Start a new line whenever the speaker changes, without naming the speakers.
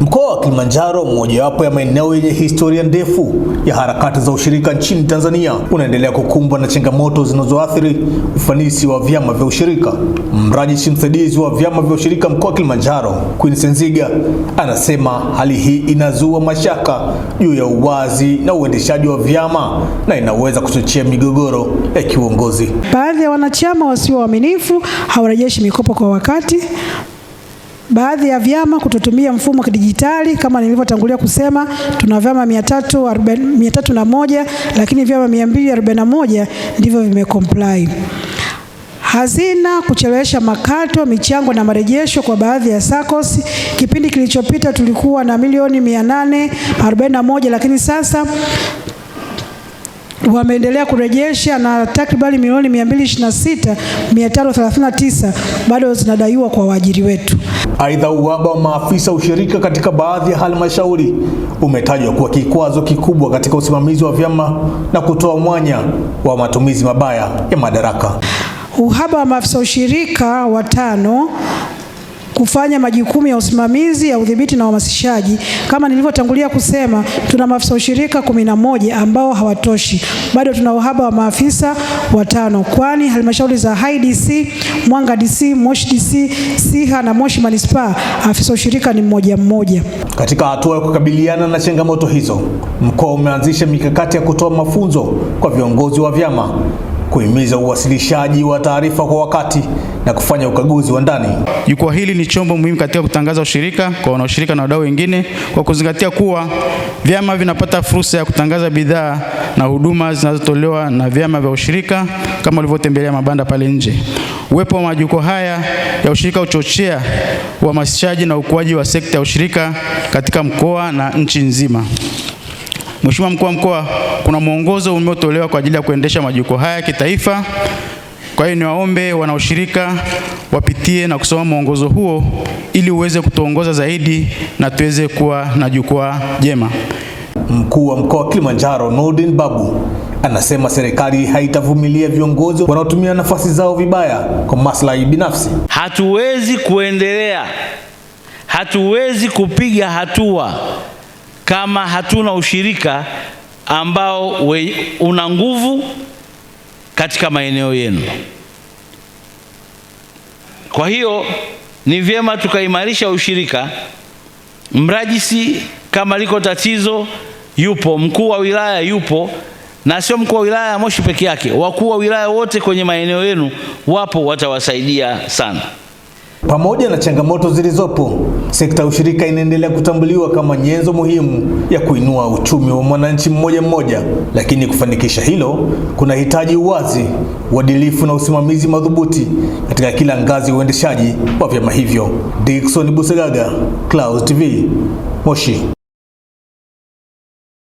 Mkoa wa Kilimanjaro, mojawapo ya maeneo yenye historia ndefu ya harakati za ushirika nchini Tanzania, unaendelea kukumbwa na changamoto zinazoathiri ufanisi wa vyama vya ushirika. Mrajisi msaidizi wa vyama vya ushirika mkoa wa Kilimanjaro, Queen Senziga, anasema hali hii inazua mashaka juu ya uwazi na uendeshaji wa vyama na inaweza kuchochea migogoro ya kiuongozi.
Baadhi ya wanachama wasio waaminifu hawarejeshi mikopo kwa wakati Baadhi ya vyama kutotumia mfumo wa kidijitali kama nilivyotangulia kusema, tuna vyama 341 lakini vyama 241 ndivyo vimecomply. Hazina kuchelewesha makato, michango na marejesho kwa baadhi ya SACCOS. Kipindi kilichopita tulikuwa na milioni 841 lakini sasa wameendelea kurejesha na takribani milioni 226,539 bado zinadaiwa kwa waajiri wetu.
Aidha, uhaba wa maafisa ushirika katika baadhi ya halmashauri umetajwa kuwa kikwazo kikubwa katika usimamizi wa vyama na kutoa mwanya wa matumizi mabaya ya madaraka.
Uhaba wa maafisa ushirika watano kufanya majukumu ya usimamizi, ya udhibiti na uhamasishaji. Kama nilivyotangulia kusema, tuna maafisa ushirika kumi na moja ambao hawatoshi, bado tuna uhaba wa maafisa watano, kwani halmashauri za Hai DC, Mwanga DC, Moshi DC, Siha na Moshi Manispaa afisa ushirika ni mmoja mmoja.
Katika hatua ya kukabiliana na changamoto hizo, mkoa umeanzisha mikakati ya kutoa mafunzo kwa viongozi wa vyama kuhimiza uwasilishaji wa taarifa kwa wakati na kufanya ukaguzi wa ndani.
Jukwaa hili ni chombo muhimu katika kutangaza ushirika kwa wanaoshirika na wadau wengine, kwa kuzingatia kuwa vyama vinapata fursa ya kutangaza bidhaa na huduma zinazotolewa na vyama vya ushirika, kama ulivyotembelea mabanda pale nje. Uwepo wa majukwaa haya ya ushirika uchochea uhamasishaji na ukuaji wa sekta ya ushirika katika mkoa na nchi nzima. Mheshimiwa Mkuu wa Mkoa, kuna mwongozo umetolewa kwa ajili ya kuendesha majukwaa haya kitaifa. Kwa hiyo niwaombe wanaoshirika wapitie na kusoma mwongozo huo ili uweze kutuongoza zaidi na tuweze kuwa na jukwaa jema.
Mkuu wa Mkoa wa Kilimanjaro Nordin Babu anasema serikali haitavumilia viongozi wanaotumia nafasi zao vibaya kwa maslahi binafsi.
Hatuwezi kuendelea, hatuwezi kupiga hatua kama hatuna ushirika ambao we, una nguvu katika maeneo yenu. Kwa hiyo ni vyema tukaimarisha ushirika. Mrajisi kama liko tatizo yupo, mkuu wa wilaya yupo, na sio mkuu wa wilaya ya Moshi peke yake, wakuu wa wilaya wote kwenye maeneo yenu wapo, watawasaidia sana.
Pamoja na changamoto zilizopo, sekta ya ushirika inaendelea kutambuliwa kama nyenzo muhimu ya kuinua uchumi wa mwananchi mmoja mmoja, lakini kufanikisha hilo kuna hitaji uwazi, uadilifu na usimamizi madhubuti katika kila ngazi ya uendeshaji wa vyama hivyo. Dickson Busegaga, Clouds TV, Moshi.